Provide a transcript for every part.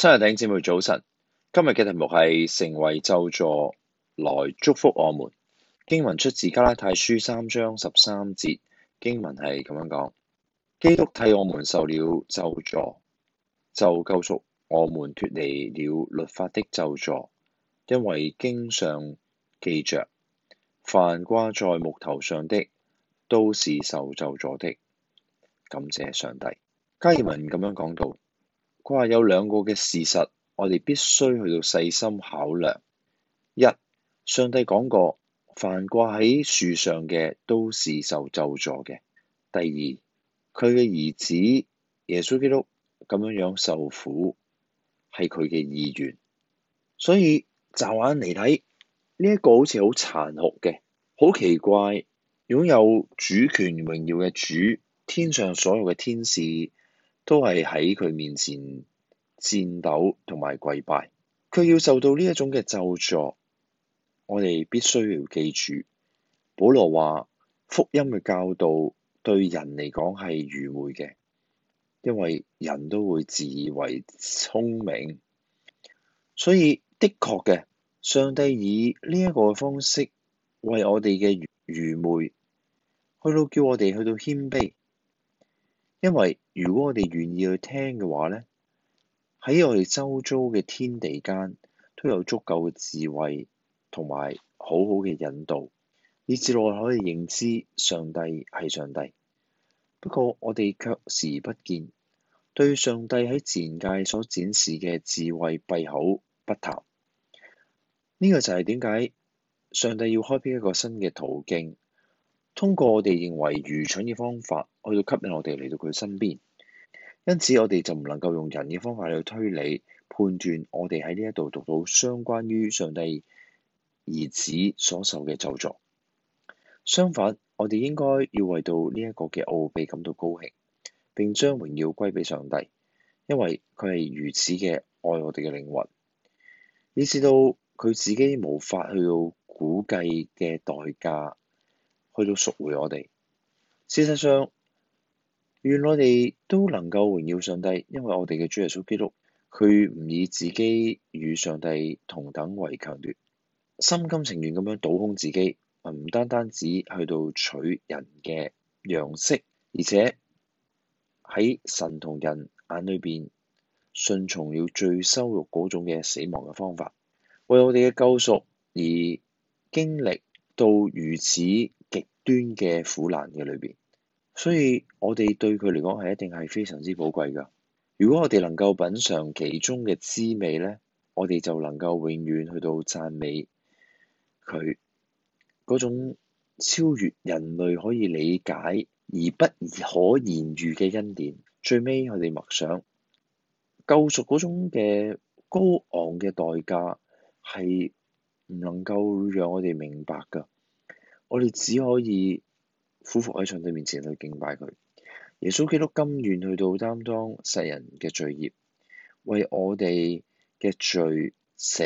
親愛的弟兄姊妹，早晨，今日嘅題目係成為咒詛來祝福我們。經文出自《加拉太書》三章十三節，經文係咁樣講：基督替我們受了咒詛，就救贖我們脱離了律法的咒詛，因為經上記着，凡掛在木頭上的都是受咒詛的。感謝上帝，加爾文咁樣講到。佢話有兩個嘅事實，我哋必須去到細心考量。一，上帝講過，凡掛喺樹上嘅都是受咒詛嘅。第二，佢嘅兒子耶穌基督咁樣樣受苦係佢嘅意願。所以驟眼嚟睇呢一個好似好殘酷嘅，好奇怪！擁有主權榮耀嘅主，天上所有嘅天使，都係喺佢面前戰鬥同埋跪拜，佢要受到呢一種嘅咒詛。我哋必須要記住。保羅話：福音嘅教導對人嚟講係愚昧嘅，因為人都會自以為聰明，所以的確嘅，上帝以呢一個方式為我哋嘅愚昧，去到叫我哋去到謙卑。因為如果我哋願意去聽嘅話呢，喺我哋周遭嘅天地間都有足夠嘅智慧同埋好好嘅引導，以至我哋可以認知上帝係上帝。不過我哋卻視而不見，對上帝喺自然界所展示嘅智慧閉口不談。呢個就係點解上帝要開闢一個新嘅途徑。通過我哋認為愚蠢嘅方法去到吸引我哋嚟到佢身邊，因此我哋就唔能夠用人嘅方法去推理判斷，我哋喺呢一度讀到相關於上帝兒子所受嘅咒詛。相反，我哋應該要為到呢一個嘅奧秘感到高興，並將榮耀歸畀上帝，因為佢係如此嘅愛我哋嘅靈魂，以至到佢自己無法去到估計嘅代價。去到贖回我哋。事實上，原來我哋都能夠榮耀上帝，因為我哋嘅主耶穌基督，佢唔以自己與上帝同等為強奪，心甘情願咁樣倒空自己，唔單單止去到取人嘅樣式，而且喺神同人眼裏邊順從了最羞辱嗰種嘅死亡嘅方法，為我哋嘅救贖而經歷到如此，極端嘅苦難嘅裏邊，所以我哋對佢嚟講係一定係非常之寶貴噶。如果我哋能夠品嚐其中嘅滋味咧，我哋就能夠永遠去到讚美佢嗰種超越人類可以理解而不可言喻嘅恩典。最尾我哋默想救贖嗰種嘅高昂嘅代價係唔能夠讓我哋明白㗎。我哋只可以俯伏喺上帝面前去敬拜佢，耶穌基督甘願去到擔當世人嘅罪孽，為我哋嘅罪死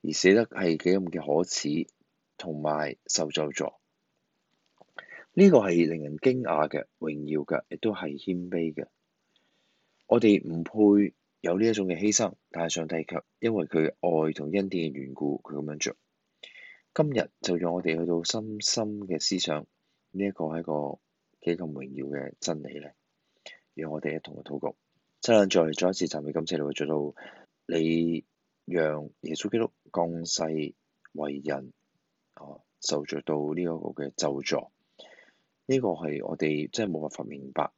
而死得係幾咁嘅可恥，同埋受咒詛。呢個係令人驚訝嘅、榮耀嘅，亦都係謙卑嘅。我哋唔配有呢一種嘅犧牲，但係上帝卻因為佢嘅愛同恩典嘅緣故，佢咁樣做。今日就讓我哋去到深深嘅思想，呢、這個、一個係一個幾咁榮耀嘅真理咧。讓我哋一同去禱告，真係再再一次讚美感謝你嚟做到你讓耶穌基督降世為人，啊、受著到呢一個嘅咒詛。呢、這個係我哋真係冇辦法明白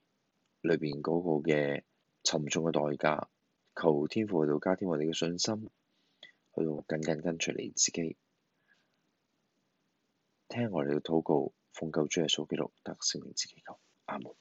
裏邊嗰個嘅沉重嘅代價。求天父喺度加添我哋嘅信心，去到緊緊跟隨你自己。聽我哋嘅禱告，奉救主耶穌基督得勝名之祈求，阿門。